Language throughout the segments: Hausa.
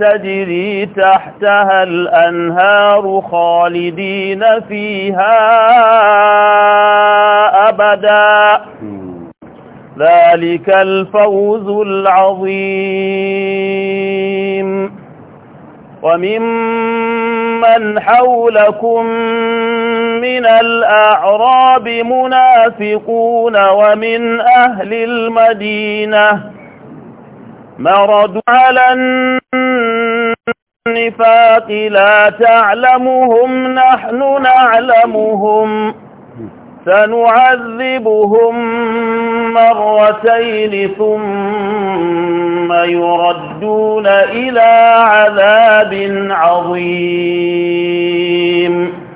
تجري تحتها الأنهار خالدين فيها أبدا ذلك الفوز العظيم وممن حولكم من الأعراب منافقون ومن أهل المدينة مردوا على النفاق لا تعلمهم نحن نعلمهم سنعذبهم مرتين ثم يردون إلى عذاب عظيم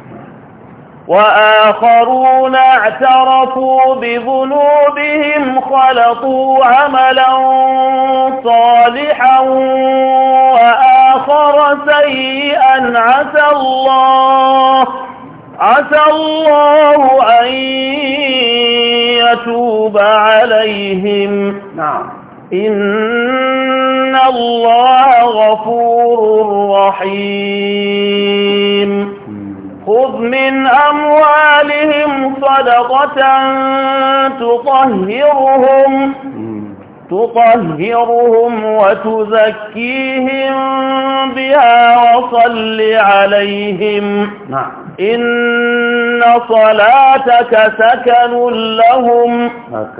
وآخرون اعترفوا بذنوبهم خلطوا عملا صالحا وآخر سيئا عسى الله عسى الله أن يتوب عليهم نعم إن الله غفور رحيم خذ من أموالهم صدقة تطهرهم تطهرهم وتزكيهم بها وصل عليهم نعم إن صلاتك سكن لهم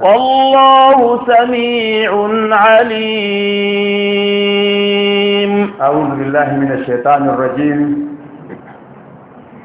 والله سميع عليم أعوذ بالله من الشيطان الرجيم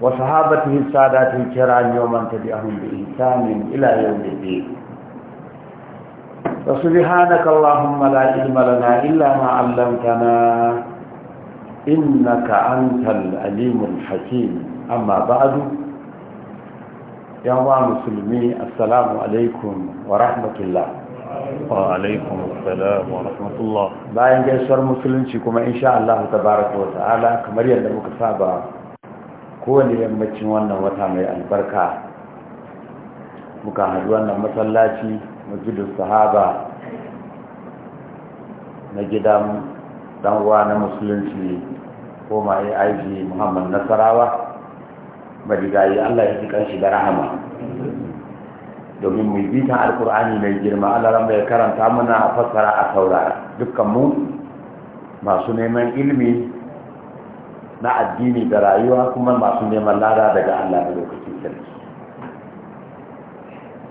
وصحابته السادات الكرام يوما تبعهم بإحسان إلى يوم الدين وسبحانك اللهم لا علم لنا إلا ما علمتنا إنك أنت العليم الحكيم أما بعد يا مسلمي السلام عليكم ورحمة الله وعليكم السلام ورحمة الله bayan gaisuwar musulunci kuma insha Allah tabaraka wa ta'ala kamar yadda muka saba kowane yammacin wannan wata mai albarka muka haɗu wannan masallaci masjidin sahaba na gidan ɗanwa na musulunci ko mai aiki muhammad nasarawa madigayi allah ya fi kanshi da rahama domin mai bitan alkur'ani mai girma allah ya karanta muna fassara a saurara dukkanmu masu neman ilmi na addini da rayuwa kuma masu neman lada daga Allah da lokacin sarki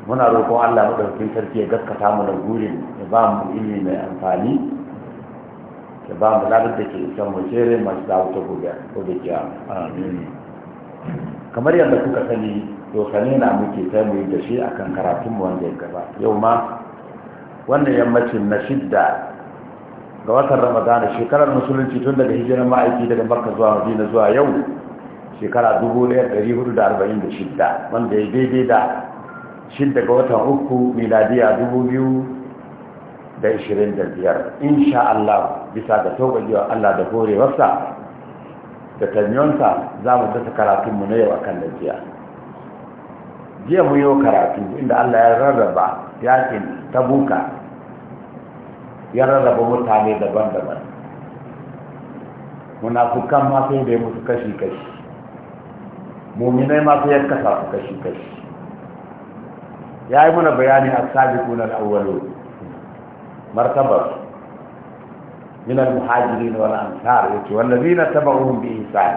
muna roƙon Allah madaukakin sarki ya gaskata mu da gurin ya ba mu ilimi mai amfani ya ba mu ladar da ke isa mu jere masu da wuta gobe ko da kiya kamar yadda kuka sani dokane na muke ta mu da shi akan karatun wanda ya gaba yau ma wannan yammacin na shidda ga watan ramadana shekarar musulunci tun daga hijirar ma'aiki daga makka zuwa madina zuwa yau shekara 1446 wanda ya daidai da shidda ga watan uku miladiya 2025 insha Allah bisa ga tawagiyar Allah da wasa da tanyonsa za mu dasa karatunmu na yau a kan lafiya jiya mu yi karatu inda Allah ya rarraba yakin tabuka ya rarraba mutane daban-daban munafukan ma sai da ya musu kashi-kashi muminai ma sai ya kasa su kashi-kashi ya yi muna bayani a sabiqun al-awwalu martabar min muhajiri na wani ansar zina taba tabi'uhum bi ihsan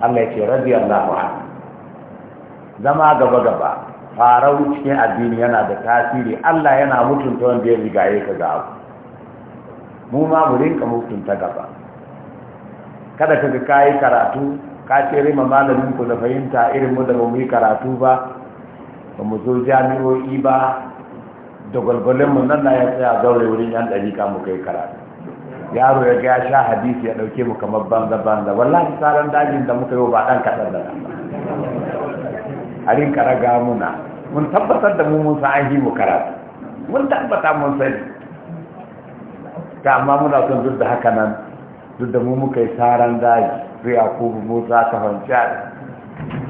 Allah ya ce radiyallahu anhu zama gaba gaba farar cikin addini yana da tasiri Allah yana mutunta wanda ya rigaye ka ga abu mu ma mu rinka mutunta gaba kada ga kayi karatu ka ce ma malamin ku da fahimta irin mu da ba mu yi karatu ba ba mu zo jami'o'i ba da gwalgwalin mu nan na ya tsaya zaure wurin yan ɗarika mu kai karatu yaro ya ga sha hadisi ya ɗauke mu kamar banza banza wallahi tsaron dajin da muka yi ba ɗan kaɗan da nan a rinka raga muna mun tabbatar da mu mun san an mu karatu mun tabbata mun sani ta amma muna son duk da haka nan duk da mu muka yi saran daji sai a kubu musa ta hanci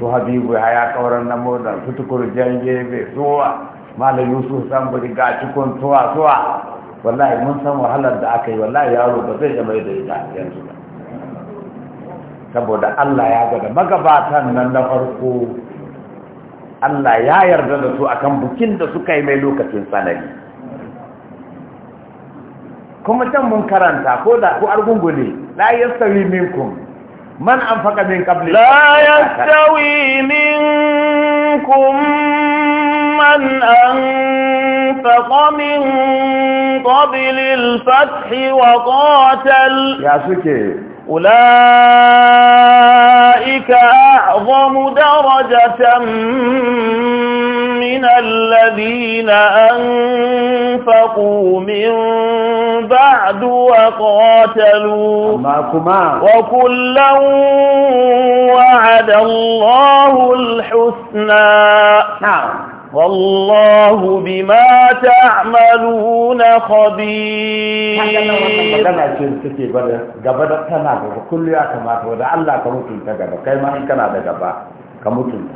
su habibu ya ya kauran na modan su tukuru jan gebe zuwa malam yusuf san buri ga cikin tuwa tuwa wallahi mun san wahalar da aka yi wallahi yaro ba zai ga mai da ita yanzu ba saboda Allah ya gada magabatan nan na farko Allah ya yarda da su akan bukin da suka yi mai lokacin sanari kuma can mun karanta ko da ku ne la yastawi minkum man anfaqa min qabli la yastawi minkum man anfaqa min qabli al-fath wa qatal ya suke أولئك أعظم درجة من الذين أنفقوا من بعد وقاتلوا وكلا وعد الله الحسنى نعم والله بما تعملون خبير kana ce take bada gaba da tana gaba kullu ya kamata wanda Allah ka mutunta gaba kai ma in kana da gaba ka mutunta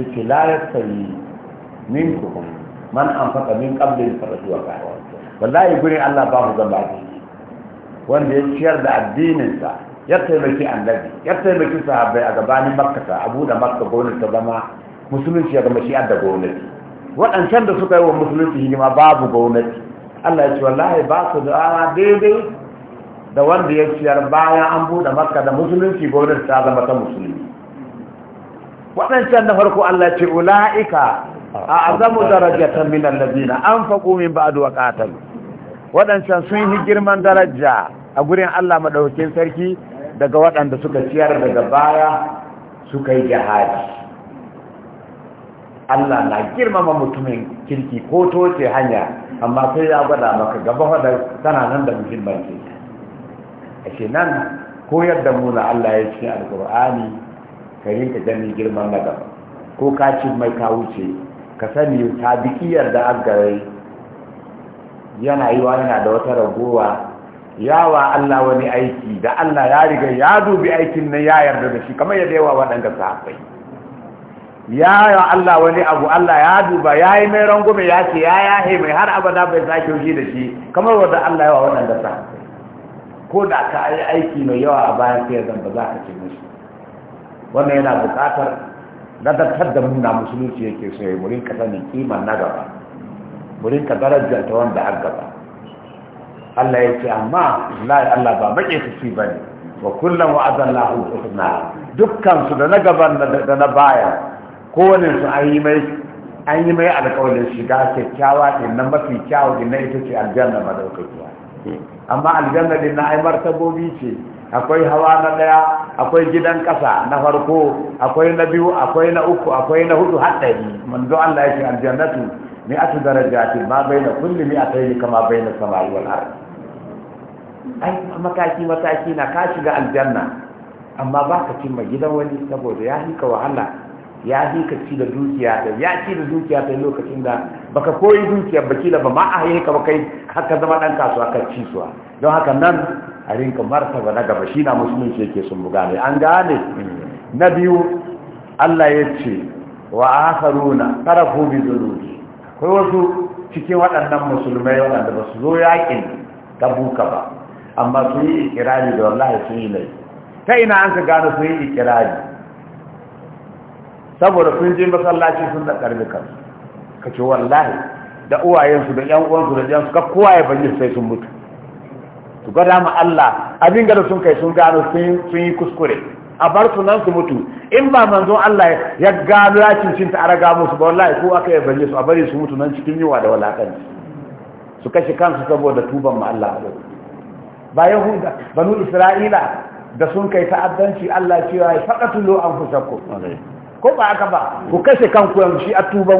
yace la min minkum man anfaqa min qabli al-fardu wa qawa wallahi gurin Allah babu gaba wanda ya ciyar da addininsa ya taimaki annabi ya taimaki sahabbai a gabanin makka abu da makka gonar ta zama musulunci ya zama shi'ar da gwamnati waɗancan da suka yi wa musulunci hidima babu gwamnati Allah ya ce wallahi ba su da daidai da wanda ya ciyar bayan an buɗe maka da musulunci gwamnati ta zama ta musulmi waɗancan na farko Allah ce ula'ika a azamu darajatan min an faƙo min ba'd duwa qatalu waɗancan sun yi girman daraja a gurin Allah madaukakin sarki daga waɗanda suka ciyar daga baya suka yi jihadi Allah na girmama mutumin kirki ko toce hanya amma sai ya gwada maka gaba da tana nan da muhimmanci a ce nan koyar da mu na Allah ya ce alkur'ani ka yi rinka gani girman na gaba ko ka ci mai ka wuce ka sani bikiyar da an gare yana yi wa yana da wata ragowa yawa Allah wani aiki da Allah ya riga ya dubi aikin nan ya yarda da shi kamar yadda yawa waɗanda sahabbai ya yi Allah wani abu Allah ya duba ya yi mai rangume ya ce ya yahe mai har abada bai sake shi da shi kamar wanda Allah yawa wannan dasa ko da ka yi aiki mai yawa a bayan sai zan ba za ka ce musu wannan yana buƙatar nadartar da muna musulunci yake so ya murin ka sanin kiman na gaba murin ka darajar ta wanda har gaba Allah ya ce amma Allah ba baƙe su ci ba ne wa kullum wa'azan lahu Dukkansu dukkan su da na gaban da na baya kowane su an yi mai an yi mai alƙawarin shiga kyakkyawa din nan mafi kyawu din na ita ce aljanna madaukakiya amma aljanna din na ai martabobi ce akwai hawa na ɗaya, akwai gidan kasa na farko akwai na biyu akwai na uku akwai na hudu haddari manzo Allah ya ce aljannatu mi'atu darajatin ma baina kulli mi'atayn kama baina samai wal ardh ai mataki mataki na ka shiga aljanna amma ba ka cimma gidan wani saboda ya hika wahala ya fi ka ci da dukiya da ya ci da dukiya sai lokacin da baka koyi dukiya ba kila ba ma a haye ba kai haka zama dan kasuwa ka ci suwa don haka nan a rinka martaba na gaba shi na musulunci yake sun buga ne an gane na biyu Allah ya ce wa akharuna tarafu bi dhunubi kai wasu cikin waɗannan musulmai waɗanda ba su zo yakin buka ba amma sun yi ikirari da wallahi sun yi laifi ta ina an ka gane sun yi ikirari saboda sun je masallaci sun da karbi kansu ka ce wallahi da uwayensu da yan uwansu da su ka kowa ya bayyana sai sun mutu su ga dama Allah abin gada sun kai sun gano sun yi kuskure a bar su nan su mutu in ba manzo Allah ya gano ya cin ta araga musu ba wallahi ko aka ya bayyana su a bari su mutu nan cikin yiwa da walakanci su kashi kansu saboda tuban ma Allah ba yahuda banu isra'ila da sun kai ta'addanci Allah cewa ya faqatulu anfusakum ko ba aka ba ku kashe kanku yanzu shi a tuban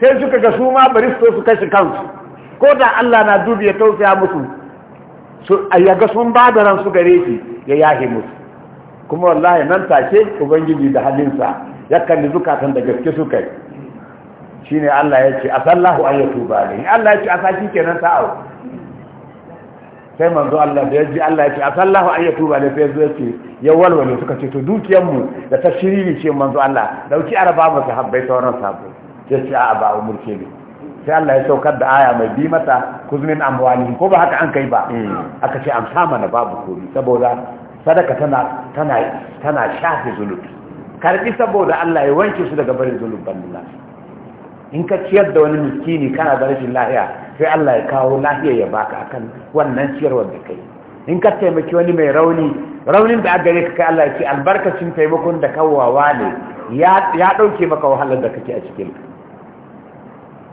sai suka ga su ma bari su su kashe kansu ko da Allah na dubi ya tausaya musu su yaga sun ba da ran su gare shi ya yahe musu kuma wallahi nan take ubangiji da halinsa ya kalli zukatan da gaske suka yi shine Allah ya ce asallahu an yatuba ne Allah ya ce asaki kenan ta'awu sai manzo Allah da yaji Allah ya ce asallahu an yatuba ne sai zai ce ya walwale suka ce to dukiyar mu da ta shiriri ce manzo Allah dauki araba mu habbai sauran sabo sai ce a ba umurce ne sai Allah ya saukar da aya mai bi mata kuzmin amwani ko ba haka an kai ba hmm. aka ce amsa mana babu komi saboda sadaka tana tana tana shafe zulubi karbi saboda Allah ya wanke su daga barin zulubban nan in ka ciyar da wani miskini kana da rashin lahiya sai Allah ya kawo lafiya ya baka akan wannan ciyarwar da kai in ka taimaki wani mai rauni raunin da aka gare ka kai Allah ya ce albarkacin taimakon da wawa ne ya dauke maka wahalar da kake a cikin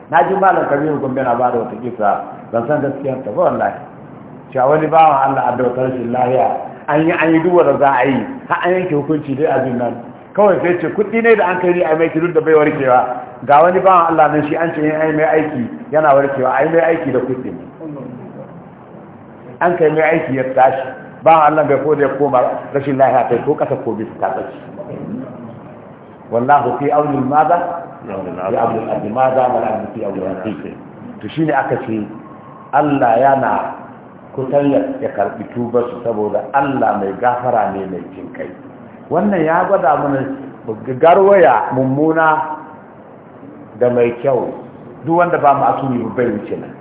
na ji malam kabiru gombe na bada wata kisa ban san gaskiyar ta ba wallahi cewa wani bawa Allah a dautar shi lahiya an yi an yi duk wanda za a yi har an yanke hukunci dai abin nan kawai sai ce kuɗi ne da an kai a mai duk da bai warkewa ga wani ba Allah nan shi an ce ai mai aiki yana warkewa ai mai aiki da kudi ne an kai mai aiki ya tashi ba Allah bai ko ya koma rashin lafiya kai ko kasa ko bisa ta tsaci wallahi fi auni maza ya abdul abdi maza wal abdi fi auni aqiqi to shine aka ce Allah yana kutan ya karbi tuba su saboda Allah mai gafara ne mai jinkai wannan ya gwada mana garwaya mummuna da mai kyau duk wanda ba ma'asumi ba bai wuce nan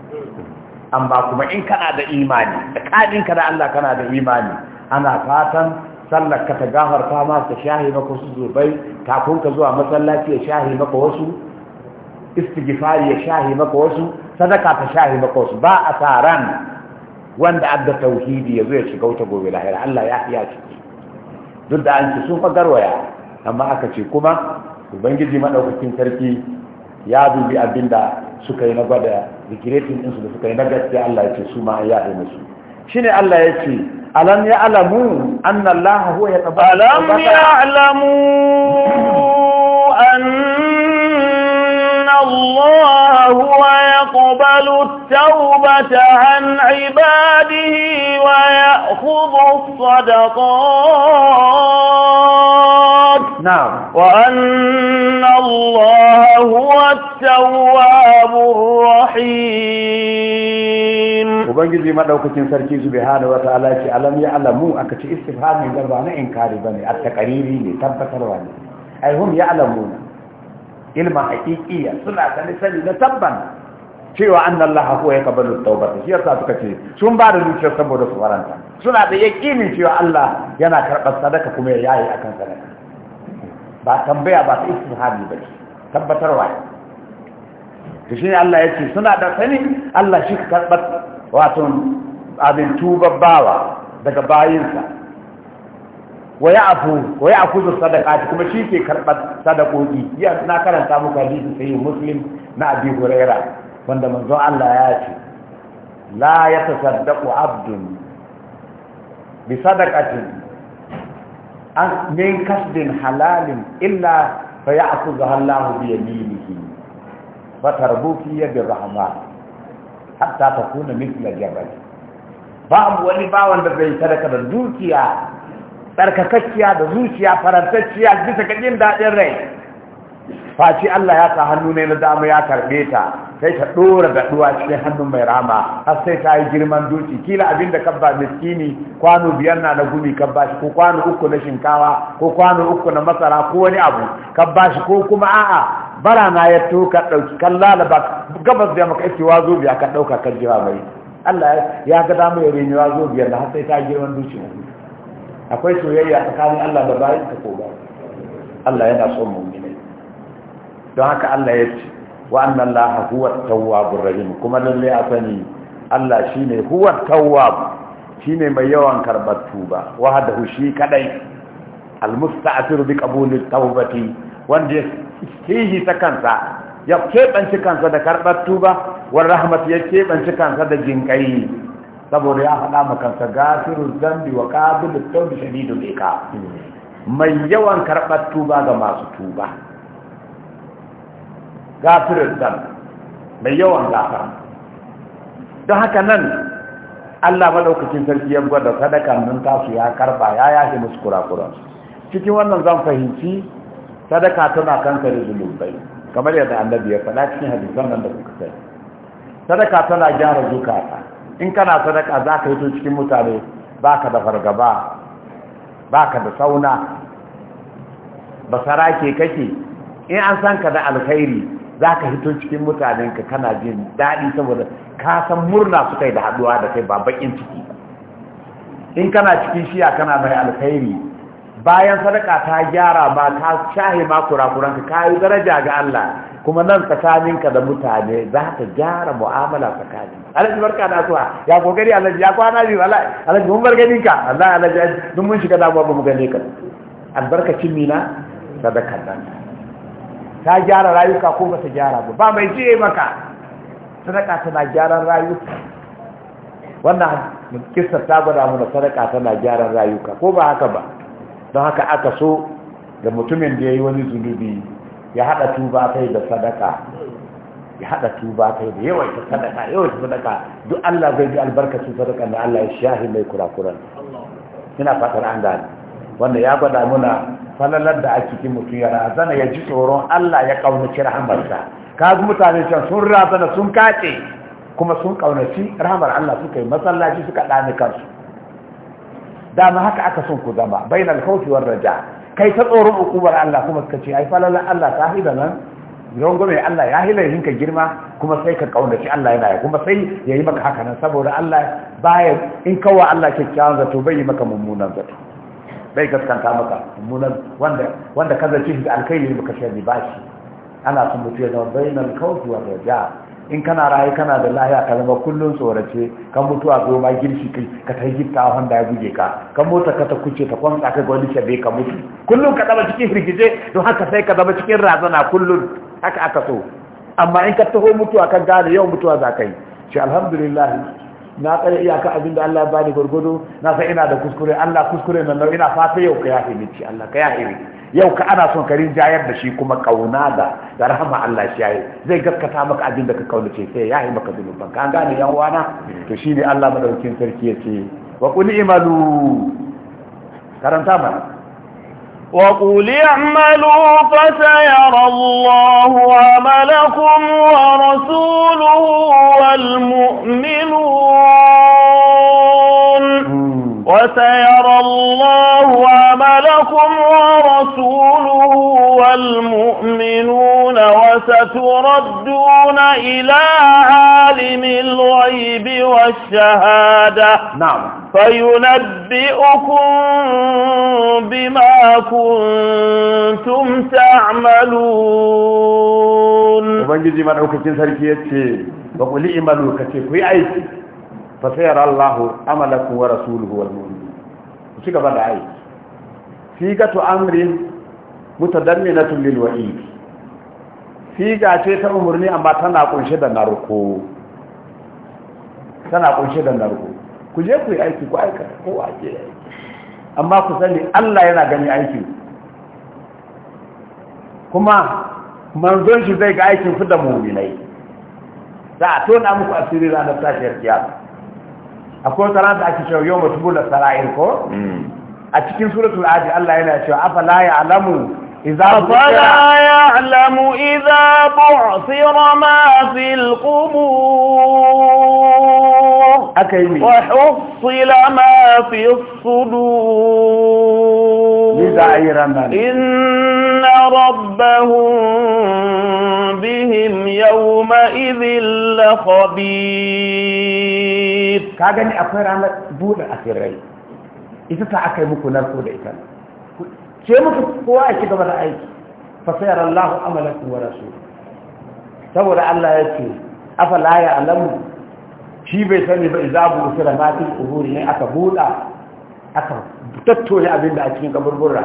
amma kuma in kana da imani tsakaninka da Allah kana da imani ana fatan sallar ka ta gafarta ma ta shahi maka wasu zubai ka zuwa masallaci ya shahi maka wasu istighfari ya shahi maka wasu sadaka ta shahi maka wasu ba a taran wanda adda tauhidi ya zuwa ya shiga gobe lahira Allah ya iya ciki duk da an ci sun fa garwaya amma aka ce kuma ubangiji madaukakin sarki ya dubi abin da suka yi na gwada rikiretin ɗinsu da suka yi na gaske Allah ya ce su ma ya yi musu shi ne Allah ya ce alam ya alamu an Allah ya taba alam ya alamu an الله هو يقبل التوبة عن عباده ويأخذ الصدقات نعم وأن الله هو التواب الرحيم وبنجي ما لو كنت سركي سبحانه وتعالى ألم يعلموا أكتش استفهام من ذلك أنا إنكاري بني التقريري لتبتر واني أي هم يعلمون ilmin hakikiya suna da nisani na tabban cewa an Allah ko ya kabalu taubata shi yasa suka ce sun ba da saboda su faranta suna da yakinin cewa Allah yana karɓar sadaka kuma ya yayi akan sadaka ba tambaya ba ta istihadi ba ce tabbatarwa to shi ne Allah ya ce suna da sani Allah shi ka karɓar wato abin tubabbawa daga bayinsa wa ya'fu wa ya'khudhu sadaqati kuma shi ke karbar sadakoki na karanta muku hadisi sai muslim na abi huraira wanda manzo Allah ya ce la yatasaddaqu abdun bi sadaqatin an min kasbin halalin illa fa ya'khudhuha Allah bi yaminihi fa tarbu fi yadi rahman hatta takuna mithla Ba babu wani bawan da zai sadaka da dukiya tsarkakakkiya da zuciya farantacciya bisa ga daɗin rai faci Allah ya sa hannu ne na dama ya karɓe ta sai ta ɗora ɗuwa cikin hannun mai rama har sai ta yi girman doki kila abin da kabba miskini kwano biyar na na gumi kabba shi ko kwano uku na shinkawa ko kwano uku na masara ko wani abu kabba shi ko kuma a'a bara na ya toka ɗauki kan lalaba gabas da maka ake wazo biya ka ɗauka kan jiwa mai Allah ya ga dama ya rinyi wazo biyar da har sai ta yi girman doki akwai soyayya tsakanin Allah da bayan ka ko ba Allah yana son mu'minai don haka Allah ya ce wa anna Allah huwa tawwabur rahim kuma lalle a sani Allah shine huwa tawwab shine mai yawan karbar tuba wahdahu shi kadai almusta'tir bi qabulit tawbati wanda yake ta ya keɓanci kansa da karɓar tuba wa rahmat ya keɓanci kansa da jinƙayi saboda ya faɗa makansa gafirun zambi wa qabilut tawbi shadidul ka. mai yawan karɓar tuba ga masu tuba gafirun zambi mai yawan gafara don haka nan Allah maɗaukacin sarki ya gwada sadakan nan tasu ya karɓa, ya yashe musu kurakuran cikin wannan zan fahimci sadaka tana da zulubai kamar yadda annabi ya faɗa cikin hadisan nan da kuka sai sadaka tana gyara zukata in kana sadaka za ka yi cikin mutane ba ka da fargaba ba ka da sauna ba ke kake in an san ka da alkhairi za ka hito cikin mutanenka kana jin daɗi saboda kasan murna suka yi da haɗuwa da kai ba baƙin ciki in kana cikin shiya kana mai alkhairi bayan sadaka ta gyara ba ta shahe ma kurakuranka ka yi daraja ga Allah kuma nan tsakaninka da mutane za ka gyara mu'amala tsakanin alaji barka da asuwa ya kokari alhaji ya kwana biyu alaji mun bar ganin ka Allah alaji duk mun shiga damuwa ba mu gane ka albarkacin mina sadaka nan ta gyara rayuka ko ba ta gyara ba ba mai ce maka sadaka tana gyaran rayuka wannan kissa ta gwada mana sadaka tana gyaran rayuka ko ba haka ba don haka aka so da mutumin da ya yi wani zunubi ya haɗa tuba kai da sadaka ya haɗa tuba kai da yawan ta sadaka yawan ta sadaka duk Allah zai ji albarkacin sadaka da Allah ya shahi mai kurakuran ina fatar an gane wanda ya gwada muna falalar da ake cikin mutum ya razana ya ji tsoron Allah ya kaunaci rahamarsa kaga mutane can sun razana sun kace kuma sun kaunaci rahamar Allah suka yi masallaci suka dani kansu dama haka aka son ku zama bainal khawfi war raja kai ta tsoron hukumar Allah kuma suka ce ai falalan Allah ta hida nan yawon gome Allah ya hila yinka girma kuma sai ka kaunaci Allah yana ya kuma sai ya yi maka haka nan saboda Allah baya in kawo Allah kyakkyawan zato bai yi maka mummunan zato bai gaskanta maka mummunan wanda wanda ka zace shi da alkhairi baka shari ba shi ana son mutu ya zama bainal khawfi wa raja in kana rayu kana da lahiya ka zama kullum tsorace kan mutu a goma girki kai ka ta gifta a wanda ya buge ka kan mota ka ta kuce ta kwanta ka ga wani shabe ka mutu kullum ka zama cikin firgije don haka sai ka zama cikin razana kullum haka aka so amma in ka taho mutuwa ka gane yau mutuwa za ka yi shi alhamdulillah na tsaya iyaka abin da Allah ya bani gwargwado na san ina da kuskure Allah kuskure nan ina fata yau ka yafe miki Allah ka yafe yau ka ana son karin jayar da shi kuma kauna da da rahama Allah shi yayi zai gaskata maka abin da ka kaunace sai yayi maka zunuban ka gane yan wana to shine Allah madaukakin sarki yace wa qul imalu karanta mana وقل اعملوا فسيرى الله عملكم ورسوله والمؤمنون وسيرى الله عملكم ورسوله المؤمنون وستردون إلى عالم الغيب والشهادة نعم فينبئكم بما كنتم تعملون وبنجي ما دوكين سركي يتي وقولي اعملوا كتي كوي ايتي فسيرى الله أملك ورسوله والمؤمنون وشيك غبا da aiki sigatu mutadamminatun lil wa'id siga ce ta umurni amma tana kunshe da narko tana kunshe da narko ku je ku yi aiki ku aika ko ake aiki amma ku sani Allah yana gani aikin kuma manzon shi zai ga aikin fi da mu'minai za a tona muku asiri ranar tashiyar kiyama akwai tsara da ake cewa yau mutu bula sara'ir ko mm. a cikin suratul aji Allah yana cewa afala ya alamu إذا أفلا يعلم إذا بعثر ما في القبور أكيمي. وحصل ما في الصدور إن ربهم بهم يومئذ لخبير كاغني أفرامة بود أخيرين إذا تعكي مكونا نرسو لإتنا ce muku kowa a ci gaba da aiki fasayar sayar Allah amalakum wa rasul saboda Allah ya ce afala ya alamu shi bai sani ba iza buru sura ma fi quburi ne aka buda aka tattore abin da a cikin kaburbura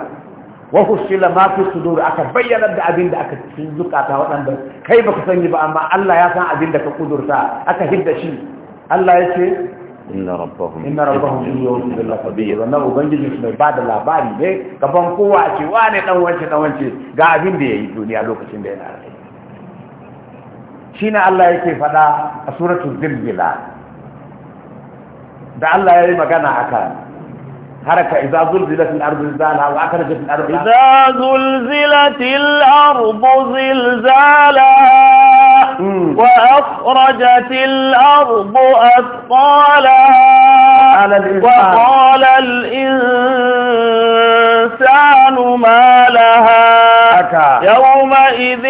wa husila ma fi sudur aka bayyana da abin da aka cikin zukata waɗanda kai baka sani ba amma Allah ya san abin da ka kudurta aka hidda shi Allah ya ce inna rabbahum inna rabbahum bi yawmin bil khabir wannan ubangiji mai ba da labari ne gaban kowa a ce wane dan wance dan wance ga abin da yayi duniya lokacin da yana rai shine Allah yake fada a suratu zilzila da Allah yayi magana akan حركة إذا زلزلت الأرض زلزالها وأخرجت الأرض إذا زلزلت الأرض زلزالها وأخرجت الأرض أثقالها وقال الإنسان ما لها يومئذ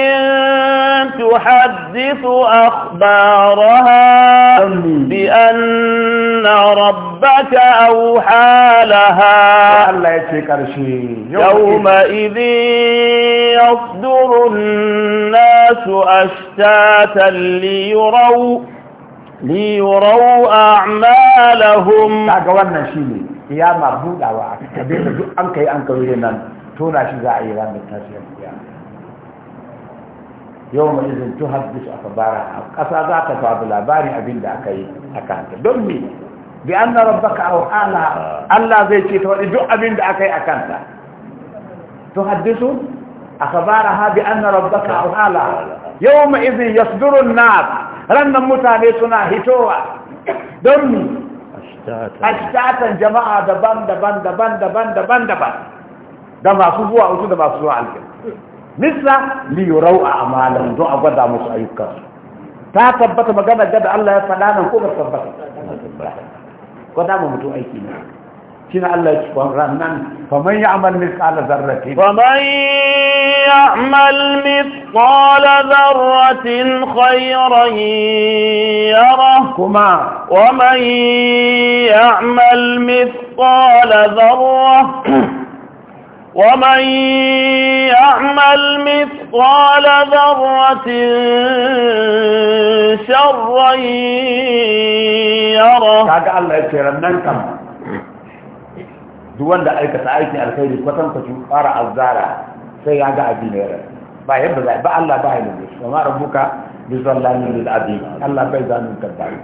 تحدث أخبارها بأن ربك أوحى لها يومئذ يصدر الناس أشتاقا صلاة ليروا ليروا أعمالهم kaga wannan shine kiyama budawa kabe da duk an kai an kawo nan tona shi za a yi ranar tashin kiyama yau mai izin tuhaddis a ƙasa za ta faɗi labarin abin da aka yi aka hanta don me bi anna ka aw ala Allah zai ce ta duk abin da aka yi akanta tuhaddisu akhbaraha bi anna rabbaka awhala yawma idhin yasduru an-nas rannan mutane suna hitowa don ashtatan jama'a daban daban daban daban daban daban da masu zuwa wasu da masu zuwa alƙin misla li yurau a amalan don a gwada musu ayyukansu ta tabbata magana da Allah ya faɗa nan ko ba tabbata ko da mu mutum aiki ne شنو الله يشفرنن فمن يعمل مثقال ذرة فمن يعمل مثقال ذرة خيرا يره كما ومن يعمل مثقال ذرة ومن يعمل مثقال ذرة شرا يره كاك الله يشفرنن duk wanda aikata aikin alkhairi kwatan kwacin fara azzara sai ya ga abin ya rai ba yadda za ba Allah ba ya nuna shi amma rabbuka bi zallani lil abid Allah bai zanu kaddari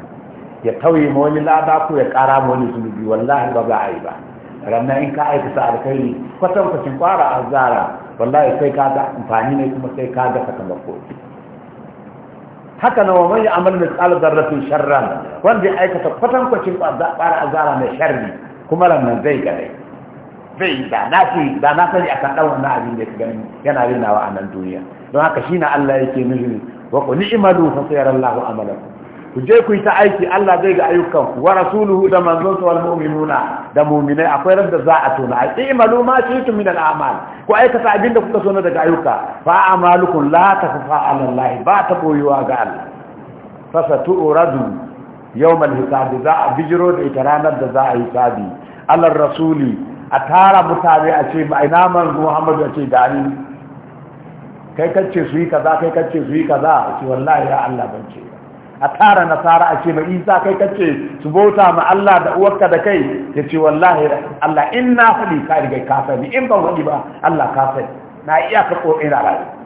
ya tauye ma wani lada ko ya kara ma wani zunubi wallahi ba za a yi ba ranar in ka aikata alkhairi kwatan kwacin fara azzara wallahi sai ka ga amfani ne kuma sai ka ga sakamako haka na wa man ya'mal mithqala dharratin sharran wanda aikata kwatankwacin kwacin fara azzara mai sharri kuma rannan zai gare zai yi da na ce da na sani akan ɗan wannan abin da ya gani yana rinawa a nan duniya don haka shi na Allah yake nufi wa ku ni'malu fa sayarallahu amalakum ku je ku yi ta aiki Allah zai ga ayyukan wa rasuluhu da manzon sa wal mu'minuna da mu'minai akwai radda za a tona ai i'malu ma shi'tum min al a'mal ku aikata abin da kuka so na daga ayyuka fa amalukum la tafa ala Allah ba ta boyuwa ga Allah fa saturadu yawmal hisabi za a bijiro da ita ranar da za a hisabi alar rasuli a tara mutane a ce ina manzo Muhammadu a ce gani kai kace su yi kaza kai kace su yi kaza a ce wallahi ya Allah ban ce a tara nasara a ce mai isa kai kace su bauta ma Allah da uwarka da kai ya ce wallahi Allah in na faɗi ka riga kafa ni, in ban faɗi ba Allah kafa. na iya ka ko ina rayu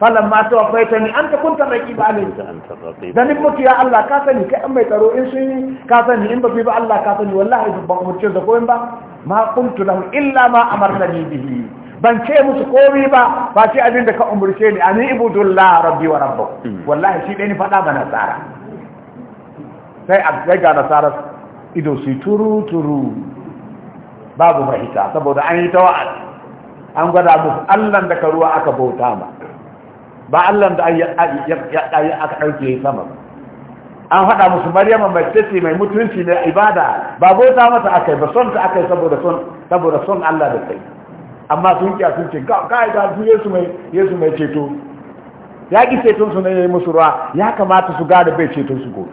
falan ma ta wafaita ni an ta kunta mai ne. zanin mutu ya Allah ka sani kai an mai tsaro in sun yi ka sani in ba fi ba Allah ka sani wallahi ban umarce da koyin ba ma kuntu lahu illa ma amartani bihi ban ce musu komi ba ba ce abin da ka umarce ni ani ibudullah rabbi wa rabbakum wallahi shi dai ni fada ba nasara sai a sai ga nasara ido su turu turu babu mahita saboda an yi ta wa'azi an gwada musu allan da ka ruwa aka bauta ma ba Allah da aka ɗauke sama an haɗa musu maryama mai tace mai mutunci da ibada ba bauta mata akai ba son ta akai saboda son saboda son Allah da kai amma sun kiya sun ce kai ga su Yesu mai Yesu mai ceto ya ki ceton su ne musu ruwa ya kamata su gada bai ceton su gobe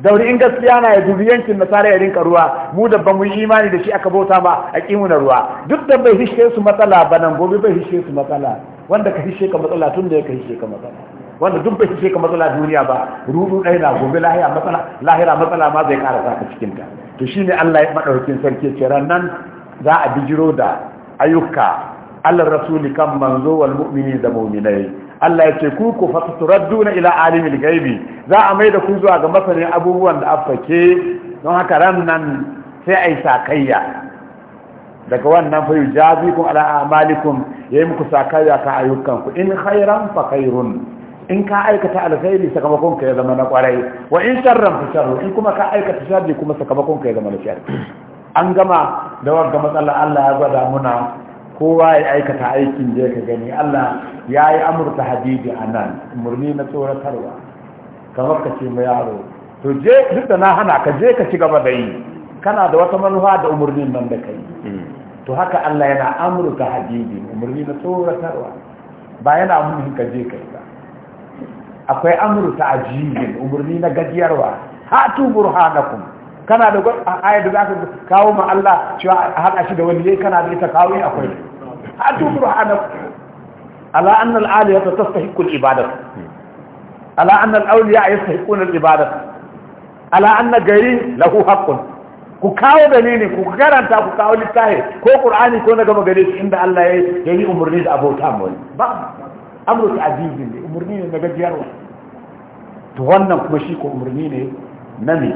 dauri in gaskiya na ya dubi yankin nasara ya rinka ruwa mu da bamu yi imani da shi aka bauta ba a kimu na ruwa duk da bai hishe su matsala ba nan gobe bai hishe su matsala wanda ka hishe ka matsala tun da ya ka hishe ka matsala wanda duk bai hishe ka matsala duniya ba rudu ɗaya na gobe lahira matsala lahira matsala ma zai ƙara saka cikin ta to ne Allah ya madaukakin sarki ce nan za a bijiro da ayyuka Allah rasuli kan manzo wal mu'mini da mu'minai Allah ya ce ku ku faturadduna ila alimil gaibi za a maida da ku zuwa ga masanin abubuwan da afake don haka ran nan sai ai sakayya daga wannan fa yujazikum ala amalikum yayi muku sakaya ka ayyukan ku in khairan fa khairun in ka aikata alkhairi sakamakon ka ya zama na kwarai wa in sharran fa sharru in kuma ka aikata sharri kuma sakamakon ka ya zama na sharri an gama da wanga matsala Allah ya gwada muna kowa ya aikata aikin je ka gani Allah ya yi amurta hadidi a nan murni na tsoratarwa kamar ka ce mu yaro to je duk da na hana ka je ka ci gaba da yi kana da wata manufa da umarnin nan da kai hmm. to haka Allah yana amurka habibi umarni na tsoratarwa ba yana amurka ka je kai ba akwai amurka ajibin umarni na gajiyarwa Ha hatu burhanakum kana da aya za ka kawo ma Allah cewa haɗa shi da wani yayi eh, kana da ita kawo akwai Ha tu burhanakum ala anna al-aliyata tastahiqu al-ibadah ala anna al-awliya yastahiquna al-ibadah ala anna ghayri lahu haqqun ku kawo dalili ku karanta ku kawo littafi ko qur'ani ko na gama gare shi inda Allah ya yi umarni da abota mai ba amru ta'zizin ne umarni ne na wa. to wannan kuma shi ko umarni ne na me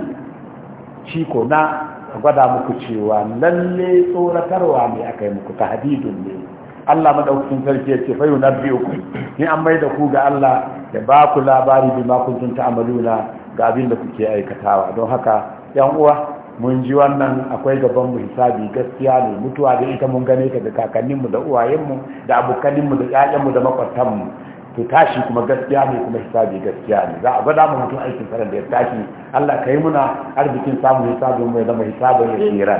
shi ko na gwada muku cewa lalle tsoratarwa ne yi muku tahdidun ne Allah madaukakin sarki ya ce fa yunabbi'uku ni an mai da ku ga Allah da ba ku labari bi ma kuntum ta'maluna ga abin da kuke aikatawa don haka yan uwa mun ji wannan akwai gaban mu hisabi gaskiya ne mutuwa da ita mun gane ta da kakanninmu da uwayenmu da abokaninmu da ƴaƴanmu da makwabtanmu to tashi kuma gaskiya ne kuma hisabi gaskiya ne za a gwada mu mutum aikin sanar da ya tashi Allah kai muna arzikin samun hisabin mai zama hisabin ya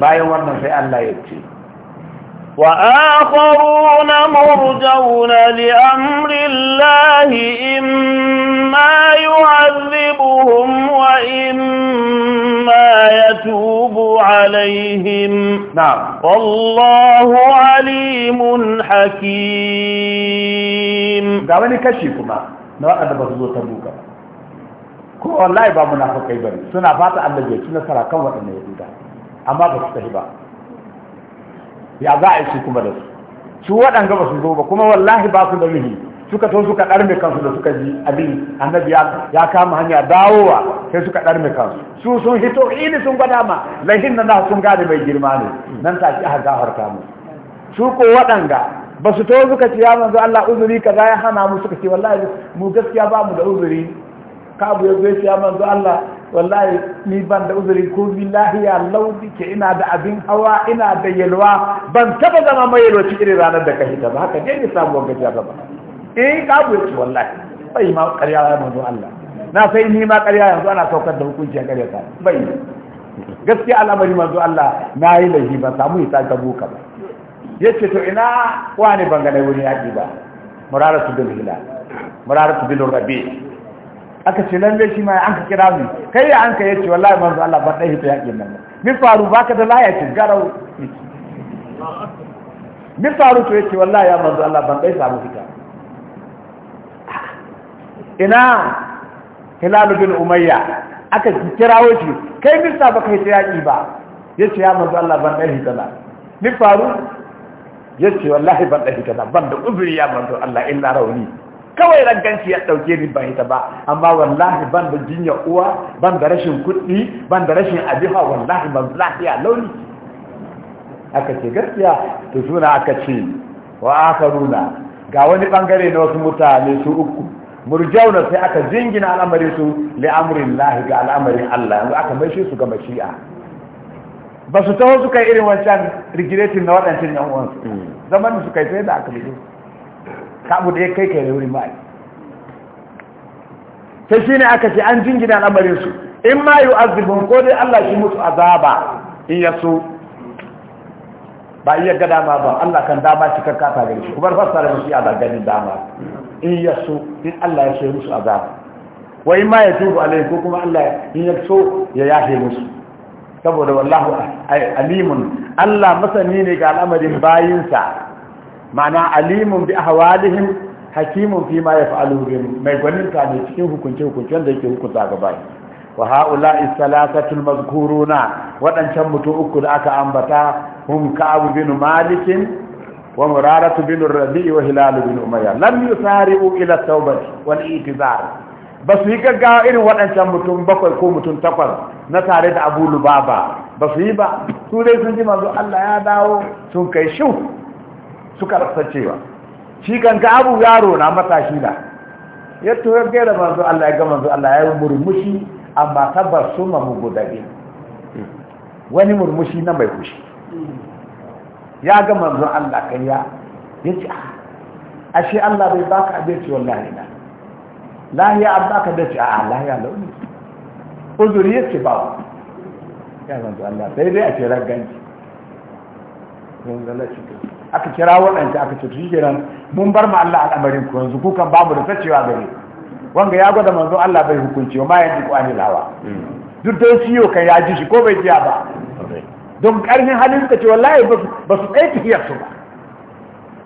bayan wannan sai Allah ya ce وآخرون مرجون لأمر الله إما يعذبهم وإما يتوب عليهم نعم والله عليم حكيم دعوني كشيكما نوعد بخزوة تبوكا ko wallahi ba munafikai bane suna fata Allah ya ci nasara kan waɗannan yahuda amma ba su tafi ba ya za a yi su kuma da su su waɗanga ba su zo ba kuma wallahi ba su da mihi suka to suka ɗarme kansu da suka ji abin annabi ya kama hanya dawowa sai suka ɗarme kansu su sun hito ili sun gwada ma laihin na sun gane mai girma ne nan ta ci aka gafarta mu su ko waɗanga ba su to suka ci ya manzo Allah uzuri za ya hana mu suka ce wallahi mu gaskiya ba mu da uzuri ka abu ya zo ya manzo Allah wallahi ni ban da uzuri ko billahi ya laudi ke ina da abin hawa ina da yalwa ban taba zama mai yalwaci irin ranar da ka hita ba haka dai ni samu wanga ja gaba eh ka buci wallahi bai ma ƙarya ya manzo Allah na sai ni ma ƙarya yanzu ana saukar da hukunci a ƙarya ta bai gaskiya al'amari manzo Allah na yi laifi ba samu yi ta buka ba yace to ina wani bangane wuri yaki ba muraratu bil hilal muraratu bil rabi' aka ce lalle shi ma an ka kira mu kai ya an ka yace wallahi manzo Allah ba dai hita yakin nan min faru baka da laya ce garau min faru to yace wallahi ya manzo Allah ban dai samu fita ina Hilal bin Umayya aka kirawo shi kai min sa baka yi yaki ba yace ya manzo Allah ban dai hita ba min faru yace wallahi ban dai hita ban da uzuri ya manzo Allah illa rauni kawai ranganci ya dauke ni ba ita ba amma wallahi ban da jinya uwa ban da rashin kuɗi ban da rashin abiha wallahi ban lafiya launi aka ce gaskiya to suna aka ce wa aka runa ga wani bangare na wasu mutane su uku murjauna sai aka jingina al'amarin su li amrin lahi ga al'amarin Allah yanzu aka maishe su ga mashi'a ba su taho kai irin wancan rigiretin na waɗancan yan uwansu mm. zaman su kai sai da aka bi kabu da ya kai kai wurin Ta sai ne aka ce an jingina al'amarin su in ma yu'azzibun ko dai Allah shi musu azaba in yaso ba iya ga dama ba Allah kan dama cikar kata gari shi kuma fasa da musu yada ganin dama in yaso in Allah ya so musu azaba wa in ma yatubu alai ko kuma Allah in yaso ya yafe musu saboda wallahu alimun Allah masani ne ga al'amarin bayinsa ma'ana alimun bi ahwalihim hakimun fi ma yaf'alu bihim mai gwaninta ne cikin hukunce hukuncen da yake hukunta ga bai wa haula isalatatul mazkuruna wadancan mutum uku da aka ambata hum ka'ab bin malik wa muraratu bin rabi, wa hilal bin umayya lam yusari'u ila tawbati wal i'tizar ba su yi gaggawa irin waɗancan mutum bakwai ko mutum takwas na tare da abu lubaba ba su yi ba su dai sun ji manzo Allah ya dawo sun kai shu suka rasa cewa shi kan ka abu yaro na matashi na ya toyar gaira manzo Allah ya ga manzo Allah ya yi murmushi amma tabbas sun mu gudage wani murmushi na mai kushi ya ga manzo Allah kai ya ya ce ah, ashe Allah bai baka abinci wallahi na lahiya an baka da ce a lahiya launi uzuri ya ce ba ya manzo Allah daidai a ce ragganci aka kira waɗanda aka cutu shi kenan mun bar ma Allah al'amarin ku yanzu kukan babu da tacewa gare wanga ya gwada manzo Allah bai hukunci ma yanzu duk wani lawa hmm. duk dai ciyo kan ya ji shi ko bai jiya ba don karfin halin suka ce wallahi ba su tsaye tafiyar su ba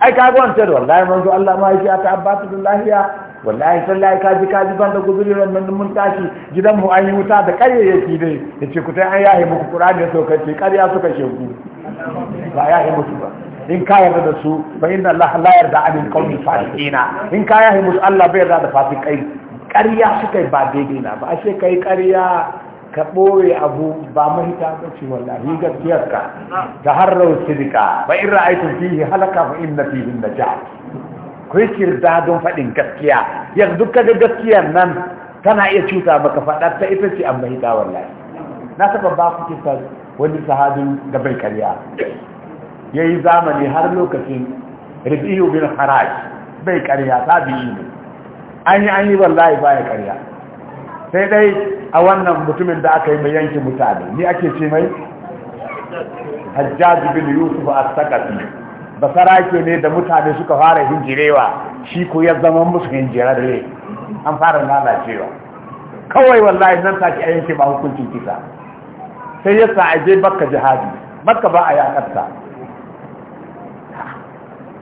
ai ka gwanta da wallahi manzo Allah ma yake aka abbatu lahiya wallahi sallahi ka ji ka ji ban da guzuri wannan mun tashi gidan mu an yi wuta da ƙaryayyaki dai yace ku kutai an yahe muku Qur'ani ne sauka ce ƙarya suka shegu ba ya yi musu ba in ka yarda da su ba inda Allah la yarda anil qawmi fasiqina in ka yarda mutu Allah bai yarda da fasikai ƙarya suka yi ba daidai na ba ashe kai ƙarya ka ɓoye abu ba mahita ba ce wallahi gaskiyarka da har rau sidika ba in ra'aytun fihi halaka fa inna fihi ja. ku yi kirda don faɗin gaskiya yanzu ga gaskiyar nan tana iya cuta maka faɗa ta ita ce an mahita wallahi na saba ba ku kirta wani sahabin da bai karya ya yi zamani har lokacin rufiyu bin haraj bai karya tabi'i ne an yi an yi wallahi ba ya karya sai dai a wannan mutumin da aka yi mai yanki mutane ni ake ce mai hajjaji bin yusuf a sakafi ke ne da mutane suka fara hinjirewa shi ko ya zama musu hinjirarre an fara lalacewa kawai wallahi nan take a yanke ba hukuncin kisa sai ya sa aje baka jihadi baka ba a yakarta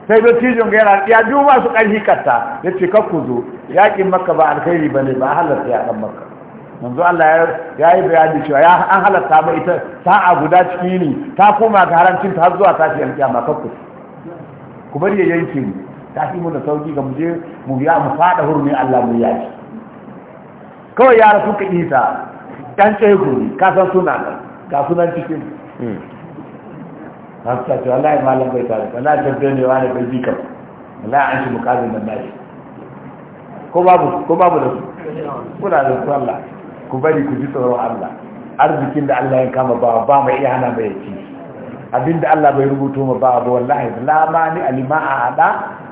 sai da tijin gaira ya biyu masu ƙarfi karta ya ce kakku zo yaƙin maka ba alkhairi ba ne ba a halarta yaƙan maka yanzu Allah ya yi bayani cewa ya an halarta ba ita sa'a guda ciki ne ta koma ga harancin ta har zuwa tashi kyama kakku ku bari ya yanke ni ta fi mu da sauki ga mu je mu ya mu faɗa hurmi Allah mu yaki kawai yara suka isa ɗan tsaye ka san suna nan ga sunan cikin hmm. na suka ce wallahi malam bai tare na tafiye ne wani bai ji kam wallahi an shi mukamin nan nashi ko babu ko babu da su kuna da su Allah ku bari ku ji tsoron Allah arzikin da Allah ya kama ba ba mai iya hana mai ci abinda Allah bai rubuto ma ba ba wallahi la mani alima a hada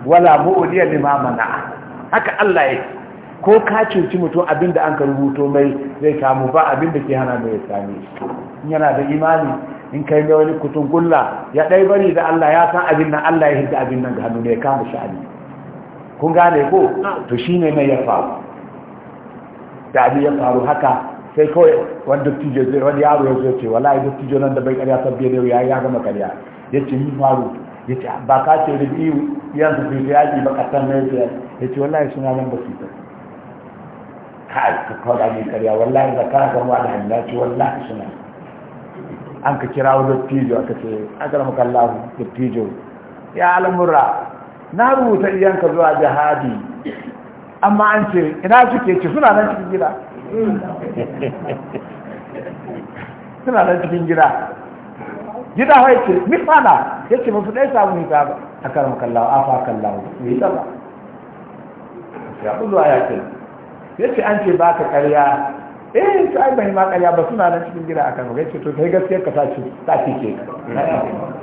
wala mu'diya lima mana haka Allah yake ko ka cinci mutum abin da an ka rubuto mai zai kamu ba abin da ke hana mai sami yana da imani in kai da wani kutun kulla ya ɗai bari da Allah ya san abin nan Allah ya hidda abin nan ga hannu ne ya kama sha'ani kun gane ko to shi ne mai ya faru da abin ya faru haka sai kawai wani dattijo zai wani yaro ya zoce wala ya dattijo nan da bai karya sabbi da ya ya gama karya ya ce min faru ya ce ba ka ce da biyu yanzu bai yaƙi ba ka san ne ya ce ya suna nan ba su kai ka kawai abin karya wallahi da ka ga wani ci wallahi suna an ka kira wa dattijo aka ce akar makallahu dattijo ya al'amura na rubuta iyanka zuwa jihadi amma an ce ina suke ci suna nan cikin gida suna nan cikin gida gida hau yake mifana ya ce mafi ɗaya samun hita ba a karan kallawa afa kallawa mai ba ya ɓullo ya yakin yace an ce baka karya eh to ai bai ma karya ba suna nan cikin gida a Kano yace to kai gaskiyar ka tace tace ke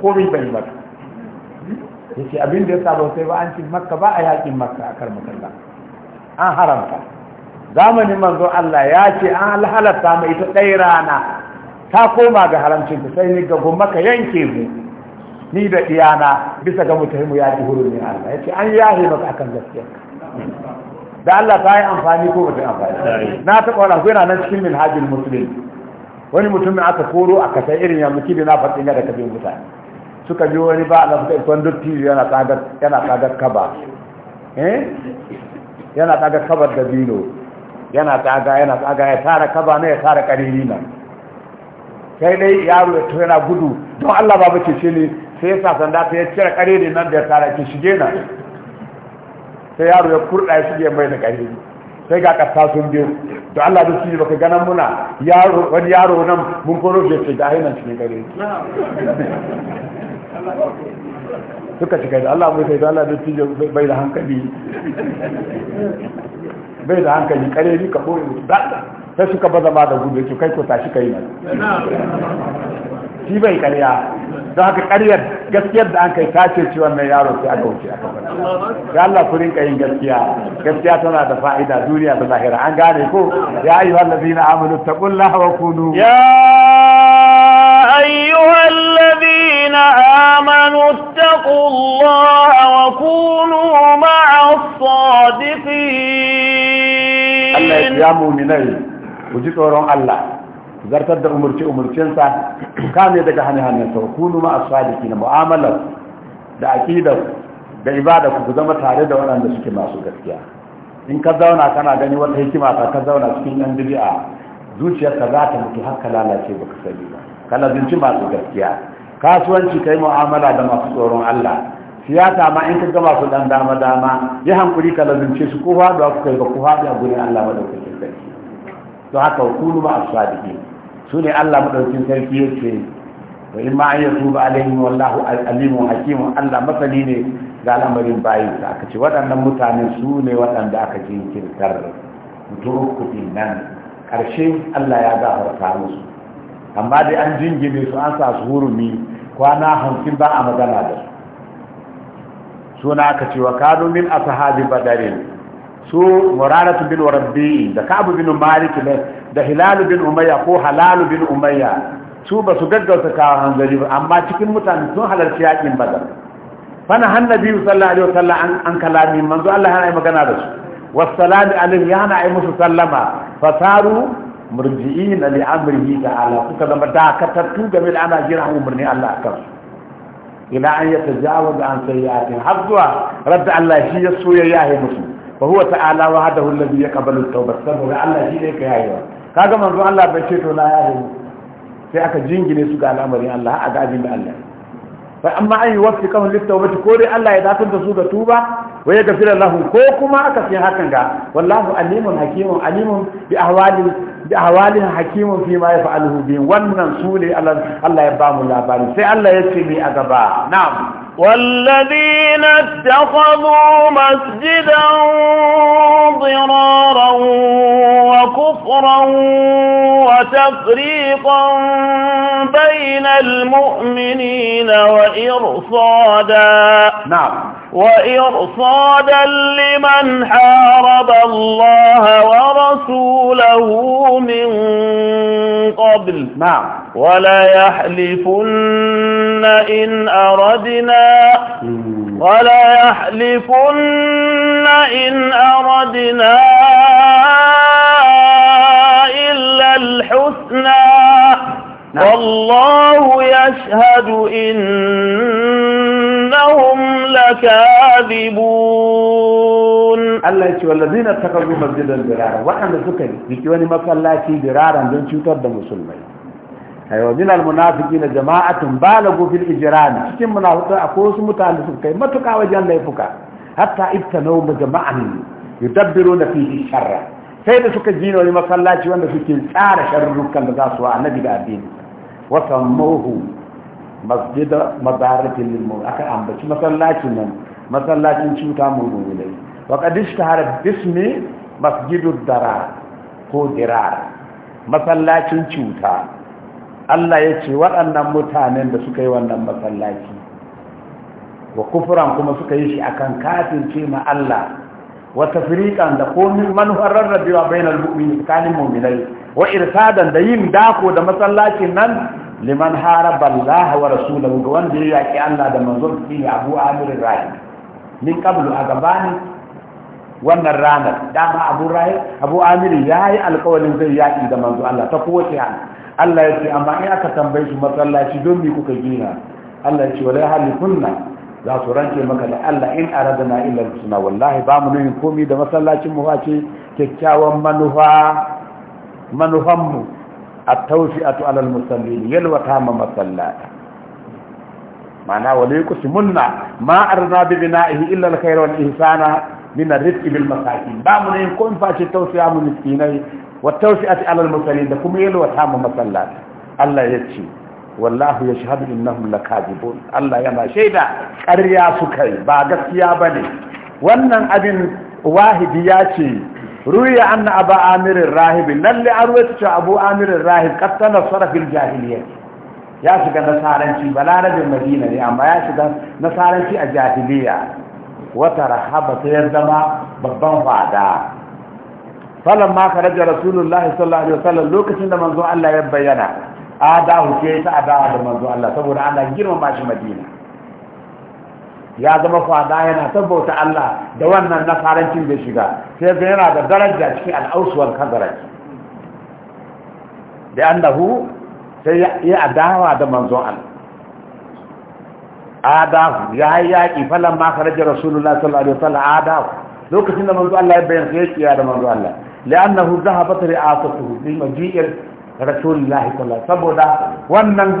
ko bai bai ba yace abin da ya saba sai ba an ce makka ba a yakin makka a kar makalla an haramta zamanin manzo Allah ya ce an halatta mai ita ɗaya rana ta koma ga haramcin ta sai ni ga maka yanke mu ni da iyana bisa ga mutahimu ya ji hurumin Allah yace an yahe maka akan gaskiyar da Allah ta yi amfani ko bata amfani na taɓa wani akwai nan cikin min hajjin musulun wani mutumin aka koro a kasa irin yamma kibi na faɗin da ka biyu mutane suka biyo wani ba a fuka ikon tv yana tsagar kaba eh? yana tsagar kabar da bino yana tsaga yana tsaga ya tara kaba na ya tara kariri na sai dai yaro ya tura yana gudu don Allah ba bace ce ne sai ya sa sanda sai ya cire kariri nan da ya tara ki shige na sai yaro ya kurɗa shi ya mai da ƙarfi sai ga ƙasa sun biyu to Allah da shi baka ganan muna yaro wani yaro nan mun koro shi ce ga nan cikin gare suka shiga da Allah mai sai da Allah da shi bai da hankali bai da hankali kare ni ka boye sai suka baza ma da gudu kai ko tashi kai nan shi bai karya don haka karyar gaskiyar da an kai ta ce ci wannan yaro sai aka wuce aka fara ya Allah ku rinka yin gaskiya gaskiya tana da fa'ida duniya da lahira an gane ko ya ayyuhal ladina amanu taqullaha wa kunu ya ayyuhal ladina amanu taqullaha wa kunu ma'as sadiqin Allah ya mu'minai ku ji tsoron Allah zartar da umurce umurcinsa kame daga hannun hannun sa kunu ma sadiki na mu'amalar da aƙidar da ibada ku zama tare da waɗanda suke masu gaskiya in ka zauna kana gani wata hikima ta ka zauna cikin yan dubi'a zuciyarka za ta mutu har ka lalace ka sani ba kana zinci masu gaskiya kasuwanci kai mu'amala da masu tsoron Allah siyasa ma in ka gama su dan dama dama ya hankuri ka lazince su ko faɗuwa ku kai ba ku faɗi a gurin Allah madaukakin sarki to haka kunu ma sadiki su ne Allah madaukin sarki yake wa in ma an yasu ba alaihim wallahu alimun hakimun Allah masani ne ga al'amarin bayin da aka ce waɗannan mutane su ne waɗanda aka je kirkar mutum kuɗi nan ƙarshe Allah ya gafarta musu amma dai an jingine su an sa su hurumi kwana hamsin ba a magana da su suna aka ce wa kanu min ashabi badarin su muranatu bin rabbi da ka'ab bin malik ne da hilalu bin umayya ko halalu bin umayya su ba su gaggauta kawo hanzari ba amma cikin mutane sun halarci yakin badar fana hannabi sallallahu alaihi wasallam an an kalami manzo Allah ya yi magana da su wassalamu alaihi ya na yi musu sallama fasaru murji'in li amrihi ta'ala kuka zama dakatattu game da ana jira umarni Allah akan su ila an yatajawaz an sayyi'atin har zuwa radda Allah shi ya so ya yahe musu fa huwa ta'ala wa hadahu alladhi yaqbalu at-tawbah saboda Allah shi ne ka yayewa kaga manzo Allah bai ce to na ya yi sai aka jingine su ga al'amarin Allah a ga da Allah fa amma ay yi kan ko dai Allah ya dakar da su da tuba wa ya gafira lahum ko kuma aka fi hakan ga wallahu alimun hakimun alimun bi ahwali bi ahwali hakimun fi ma yaf'aluhu bi wannan sune Allah Allah ya ba mu labari sai Allah ya ce ni a gaba na'am والذين اتخذوا مسجدا ضرارا وكفرا وتفريقا بين المؤمنين وإرصادا نعم وإرصادا لمن حارب الله ورسوله من قبل نعم يحلفن إن أردنا يحلفن إن أردنا إلا الحسنى نعم. والله يشهد إنهم لكاذبون الله يقول والذين اتخذوا مسجدا درارا وحنا سكن يقول ما قال لا شيء درارا دون شوتر مسلمين أيوة من المنافقين جماعة بالغوا في الإجرام كم من منافقين أقوس متعلق كي ما تقاوى وجان لا يفكر حتى ابتنوا مجمعا يدبرون فيه الشر sai da suka jina wani masallaci wanda suke tsara sharrukan da za su wa annabi da wasammuhu masjida mabarakin lilmu aka ambaci masallacin nan masallacin cuta mulmulai wa qad har bismi masjidud darar ko dirar masallacin cuta Allah ya ce waɗannan mutanen da suka yi wannan masallaci wa kufuran kuma suka yi shi akan kafin ce ma Allah Wa tafriqan da komin rabbi rarrabewa bainal mu'minin tsakanin mu'minai wa irsadan da yin dako da masallacin nan liman haraba Allah wa rasulahu ga wanda ya yaki Allah da manzon shi Abu Amir min qablu a gabani wannan ranar dama Abu Rahi Abu Amir ya yi alƙawarin zai yaki da manzon Allah ta kowace hannu Allah ya ce amma in aka tambaye shi masallaci don me kuka gina Allah ya ce wala halikunna za su ranke maka da Allah in aradana illa husna wallahi ba mu nuni komai da masallacin mu kyakkyawan manufa manufan mu attaushi a tu'alar musallin yalwata ma matsalata mana wale ku si munna ma'ar zabi bina ihi illal khairu wal ihsana min arrif bil masakin ba mun yin kun fashi tawsiya mun miskinai wa tawsiati ala al da kuma yalo ta mu masallat Allah ya ce wallahu yashhadu innahum lakadibun Allah yana shaida karya su kai ba gaskiya bane wannan abin wahidi ya ce ruya anna abu amirin rahib lalle an ruwaita cewa abu amirin rahib kattana sarafin jahiliya ya shiga nasaranci balarabin madina ne amma ya shiga nasaranci a jahiliya wata rahaba ta ya zama babban fada falon ma ka raja sallallahu alaihi wasallam lokacin da manzo Allah ya bayyana adahu ke ta adawa da manzo Allah saboda ana girmama shi madina ya zama kwada yana saboda Allah da wannan na farancin da shiga sai ga yana da daraja cikin al'ausuwar kadarai da annahu sai ya adawa da manzon Allah adahu ya yi yaƙi falon makarajar rasulullah sallallahu alaihi wasallam adahu lokacin da manzon Allah ya bayyana sai ya kiya da manzo Allah li'annahu zahabat ri'asatuhu bi maji'ir rasulullah sallallahu alaihi wasallam saboda wannan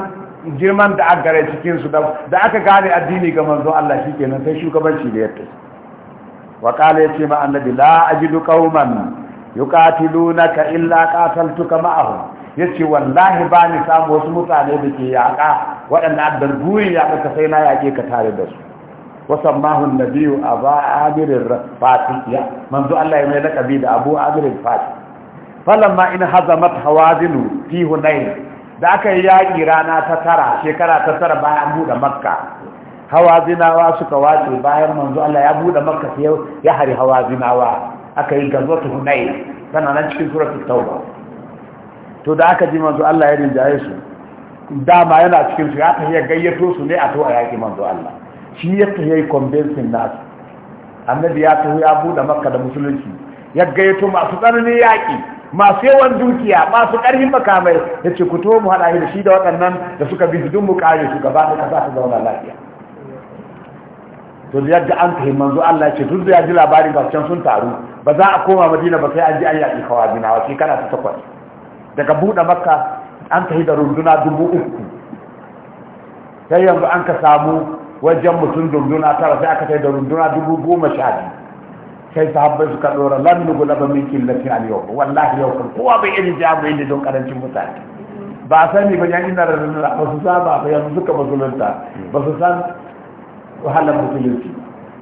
girman da aka gare cikinsu da aka gane addini ga manzo Allah shi kenan sai shugabanci da yadda wa kala ya ce ma annabi la ajidu qauman yuqatilunaka illa qataltuka ma'ahum yace wallahi ba ni samu wasu mutane da ke yaƙa waɗanda addar guri ya ka sai na yake ka tare da su sammahu nabiyu aba amirin fati ya manzo Allah ya mai lakabi da abu amirin fati falamma in hazamat hawazinu fi hunain da aka yi yaƙi rana ta tara shekara ta tara bayan buɗe makka hawa zinawa suka wace bayan manzo Allah ya buɗe makka sai ya hari hawa zinawa aka yi ta hunai, tana nan cikin suratul tauba to da aka ji manzo Allah ya rinjaye su dama yana cikin su ya ta ya gayyato su ne a to a yaƙi manzo Allah shi ya ta yi convincing nasu annabi ya ta ya buɗe makka da musulunci ya gayyato masu tsananin yaƙi masu yawan dukiya masu ƙarfin makamai da ce ku mu haɗa da shi da waɗannan da suka bi su mu kare su gaba da ƙasa su zauna lafiya to yadda an himman zuwa Allah ce duk da ya ji labarin ga can sun taru ba za a koma Madina ba sai an ji an yaƙi wa shekara ta takwas daga buɗe makka an tafi da runduna dubu uku sai yanzu an ka samu wajen mutum runduna tara sai aka yi da runduna dubu goma sha biyu kai sai su suka ɗora lam nugu laba min killatin al yau wallahi yau kan kowa bai irin jabu inda don karancin mutane ba sani ba yan ina na ba su saba ba yanzu suka ba lanta ba su san wahalar musulunci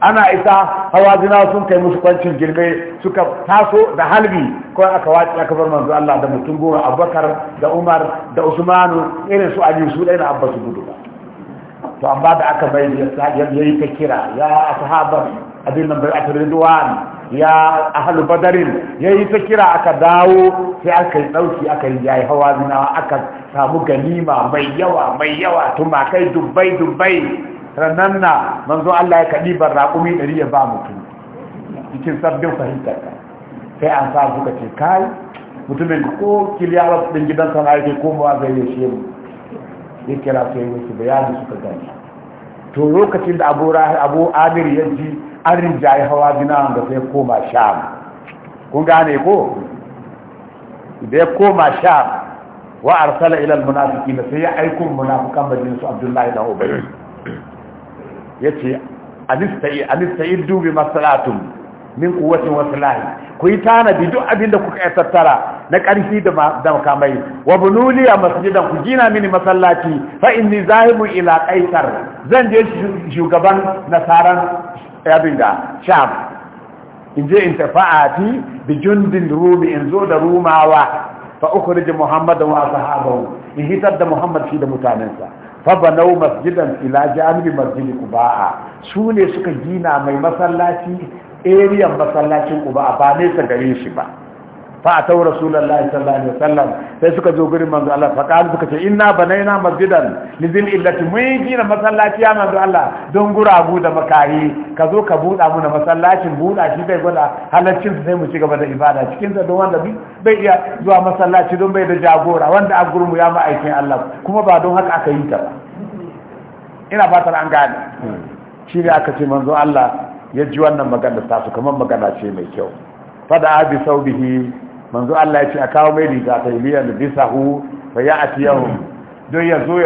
ana isa zina sun kai musu kwancin girme suka taso da halbi ko aka wace aka bar manzo Allah da mutum goma Abubakar da Umar da Usmanu irin su Ali su dai na Abbas gudu to amma da aka bai yayi ta kira ya ashabar abin nan bai'at ridwan ya ahalu badarin ya yi ta kira aka dawo sai aka yi ɗauki aka yi yayi hawa zina aka samu ganima mai yawa mai yawa tumakai dubbai dubbai rannan na manzo Allah ya kaɗi ban raƙumi ɗari ya ba mutum cikin sabbin fahimtar sai an sa suka ce kai mutumin ko kiliya ɗin gidan sana yake komawa zai yashe mu ya kira sai wasu bayani suka gani to lokacin da abu abu amir ya ji an rinjaye hawa gina da sai koma sham kun gane ko da ya koma sham wa arsala munafiki na sai ya aiko munafukan madina su abdullahi da ubay yace ce anista'id dubi masalatun. min kuwatin wasu lahi ku yi tanadi duk abin da kuka tattara na ƙarfi da makamai wa a masjidan ku gina mini masallaci fa inni zahimu ila kaisar zan je shugaban nasaran abin da sham in je in tafa'ati bi jundin rumi in zo da rumawa fa ukhrij muhammadan wa ashabahu in hitar da muhammad shi da mutanensa Fa fabanau masjidan ila jami'in ku ba'a. su ne suka gina mai masallaci eriyan masallacin uba ba nesa gare shi ba fa a taura rasulullahi sallallahu alaihi wasallam sai suka zo gurin manzo Allah fa kalu suka ce inna banaina masjidan li zil illati mun gina masallaci ya manzo Allah don guragu da makari ka zo ka buɗa mu na masallacin buda shi bai gwada halaccin sai mu ci gaba da ibada cikin da don wanda bai iya zuwa masallaci don bai da jagora wanda a gurmu ya ma'aikin Allah kuma ba don haka aka yi ta ba ina fatar an gane hmm. shi ne aka ce manzo Allah ya ji wannan magana ta su kamar magana ce mai kyau fada abi saubihi manzo Allah ya ce a kawo mai riga ta iliya da hu fa ya yau. don ya zo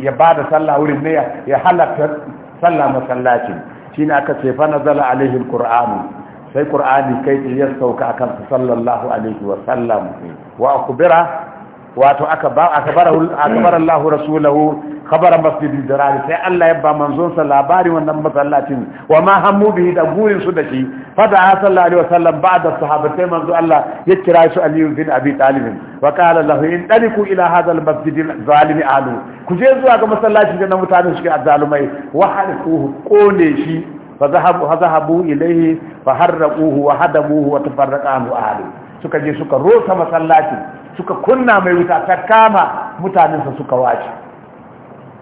ya bada sallah wurin ne ya halarta sallah masallacin shine aka ce fa zala alaihi alqur'anu sai qur'ani kai ya sauka akan sallallahu alaihi wa sallam wa akhbira wato aka ba aka bara aka Allah rasulahu khabara al dirar sai Allah ya ba manzon sa wannan masallacin wa ma hammu bihi da gurin su da shi fa da sallallahu alaihi wasallam ba'da sahabbai manzo Allah ya kira su Ali bin Abi Talib wa qala lahu in taliku ila hadha al masjid al zalim alu ku je zuwa ga masallacin da mutane suke azalumai, wa harquhu kone shi fa zahabu fa zahabu ilayhi fa harquhu wa hadamuhu wa tafarraqa anhu Alu. suka je suka rosa masallaci suka kunna mai wuta ta kama mutanensa suka wace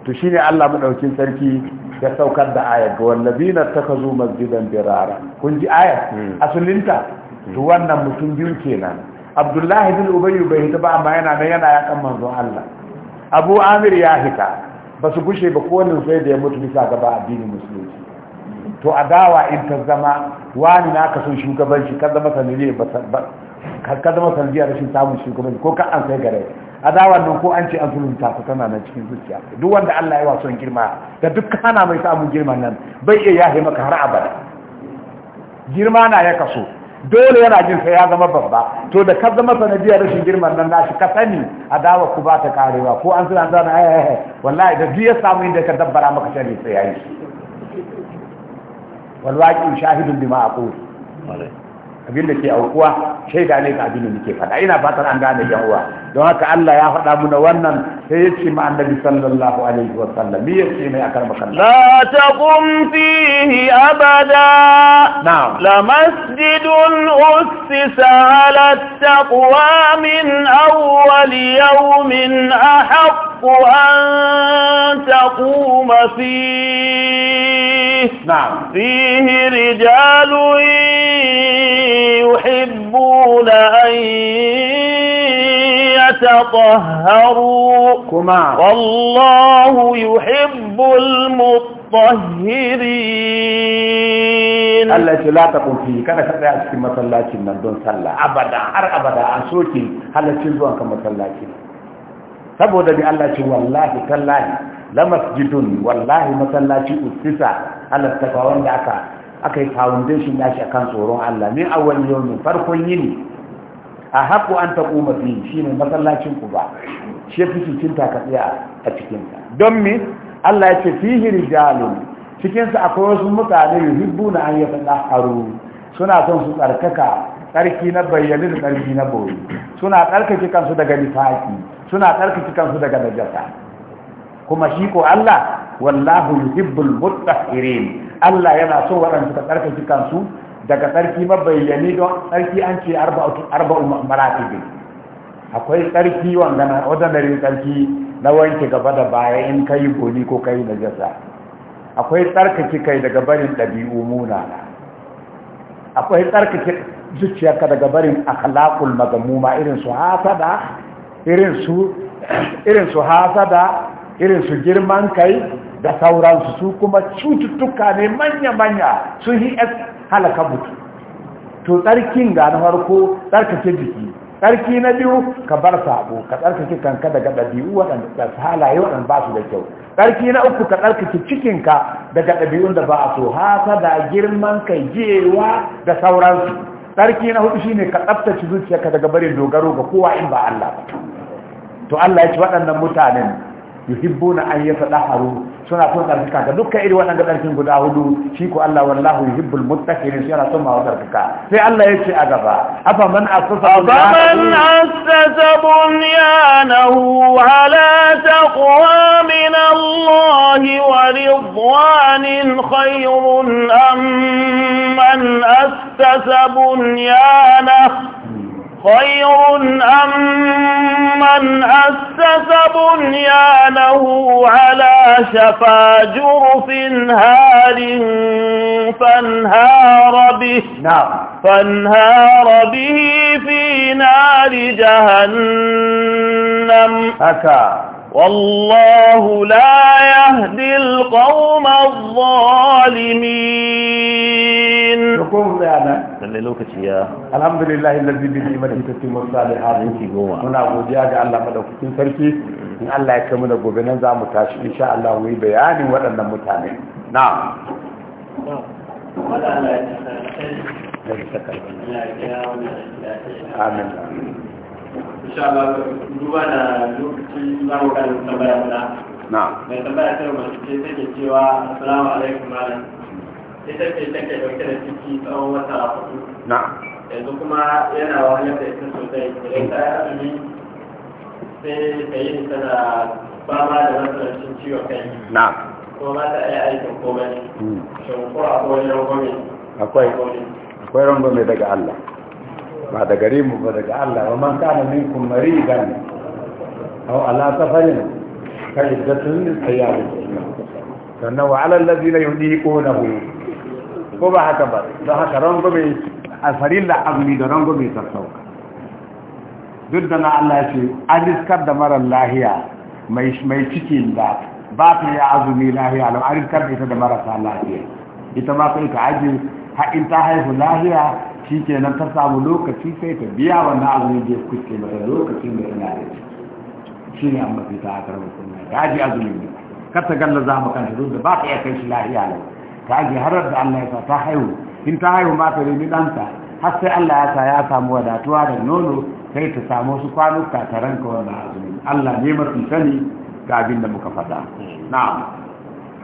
to shine Allah madaukin sarki ya saukar da ayat ga ka zo masjidan birara kun ji ayat hmm. asulinta hmm. to wannan mutum biyu kenan Abdullahi bin ubayu bai hita ba amma yana nan yana yakan manzon Allah Abu Amir ya hita ba su gushe ba kowanne sai da ya mutu bisa gaba addinin musulunci to a dawa in ta zama wani na ka so shugabanci ka zama sanadiyar rashin samun shugabanci ko ka an sai gare a dawa nan ko an ce an sulunta ta tana nan cikin zuciya duk wanda Allah ya son girma da duk kana mai samun girma nan bai iya yahe maka har abada girma na ya kaso dole yana jin sai ya zama babba to da ka zama sanadiyar rashin girman nan nashi ka sani a dawa ku ba ta karewa ko an zana ayaye eh, eh, eh, wallahi da duk ya samu inda ka dabbara maka shari sai yayi walwaki shahidun bima aqul abin da ke aukuwa shaida ne ga abinda da nake faɗa ina fatar an gane yan uwa don haka Allah ya faɗa muna wannan sai ya ce ma annabi sallallahu alaihi wa sallam me yace ne akan makan la taqum fihi abada na'am la masjidun ussisa ala taqwa min awwal yawmin ahq an taqum fihi na'am fihi rijalun yuhibbuna an وتطهروا كما والله يحب المطهرين الله لا تقم فيه a cikin masallacin na don sallah abada har abada an soke halaccin zuwan masallacin saboda bi Allah ce wallahi tallahi la masjidun wallahi masallaci ustisa Allah da wanda aka aka yi foundation nashi akan tsoron Allah min awwal yawmin farkon yini a haku an ta kuma shi ne masallacin kuba shi fi cikin takatsiya a cikinsa don me Allah ya ce hiri rijalun cikinsa akwai wasu mutane yuhibbu na an yafi suna son su tsarkaka tsarki na bayyane da tsarki na bori. suna tsarkake kansu daga nifaki suna tsarkake kansu daga najasa kuma shi ko Allah wallahu yuhibbul mutahhirin Allah yana so waɗanda suka tsarkaki kansu daga tsarki mabayyani don sarki an ce arba'u maratibi akwai sarki wanda wajen da sarki na wanke gaba da baya in ka yi goni ko ka kai najasa akwai tsarkake kai daga barin ɗabi'u munana akwai tsarkake zuciyarka daga barin akhlaqul magamuma irin su hasada irin su irin su irin su girman kai da sauransu su kuma cututtuka ne manya-manya sun yi halaka mutu to tsarkin ga na farko tsarkake jiki tsarki na biyu ka bar sabo ka tsarkake kanka daga ɗabi'u waɗanda da halaye waɗanda ba su da kyau tsarki na uku ka tsarkake cikinka daga ɗabi'un da ba a so haka da girman kai jewa da sauransu tsarki na hudu shine ka tsaftace zuciyarka daga barin dogaro ga kowa in ba Allah ba to Allah ya ci waɗannan mutanen yuhibbuna an yatadaharu suna son tsarkaka ga dukkan irin waɗanda ɗarfin guda hudu shi ko Allah wallahu yuhibbul muttaqin shi yana son ma tsarkaka sai Allah ya ce a gaba afa man asasa man asasa bunyanahu ala taqwa min Allah wa ridwanin khayrun am man asasa bunyanahu خير أم من أسس بنيانه على شفا جرف هار فانهار به نعم فانهار به في نار جهنم أكا والله لا يهدي القوم الظالمين لكم دانا lalle lokaci ya alhamdulillah allazi bi ni'mati tatimmu salihat muna godiya ga Allah madaukakin sarki mm. in Allah ya kai mu da gobe nan zamu tashi insha Allah mu yi bayanin waɗannan mutane na'am amin insha Allah duba da za mu kan tambaya na mai tambaya ta mace ce take cewa assalamu alaikum malam ita ce take da ciki tsawon na yanzu kuma yana wahalar da ita sosai idan ta yi azumi sai ta yi fama da matsalancin ciwon kai na kuma ba ta iya aikin komai hmm. shin ko akwai rangwame akwai akwai rangwame daga Allah ba da gare mu ba daga Allah ba man kana minkum maridan aw ala safarin fa iddatun min ayyamin sannan wa ala alladhina yudiqunahu ko ba haka ba don haka rango A alfarin da azumi da rango bai sassauka duk da na Allah ce an riskar da marar lahiya mai cikin da ba ta yi azumi lahiya don an riskar da ita da marasa lahiya ita ma kai ka aji in ta haihu lahiya shi nan ta samu lokaci sai ta biya wannan azumin da ya kuske mata lokacin da tana da shi shi ne an mafi ta akar musulman ya ji azumin da kar ta galla za mu kanta duk da ba ka iya kai shi lahiya ne ta ji harar da Allah ya sa ta haihu in ta haihu ma ta rini ɗanta har sai Allah ya sa ya samu wadatuwa da nono sai ta samu su kwanuka ta ranka wannan azumin Allah ne mafi sani ga abin da muka faɗa na'am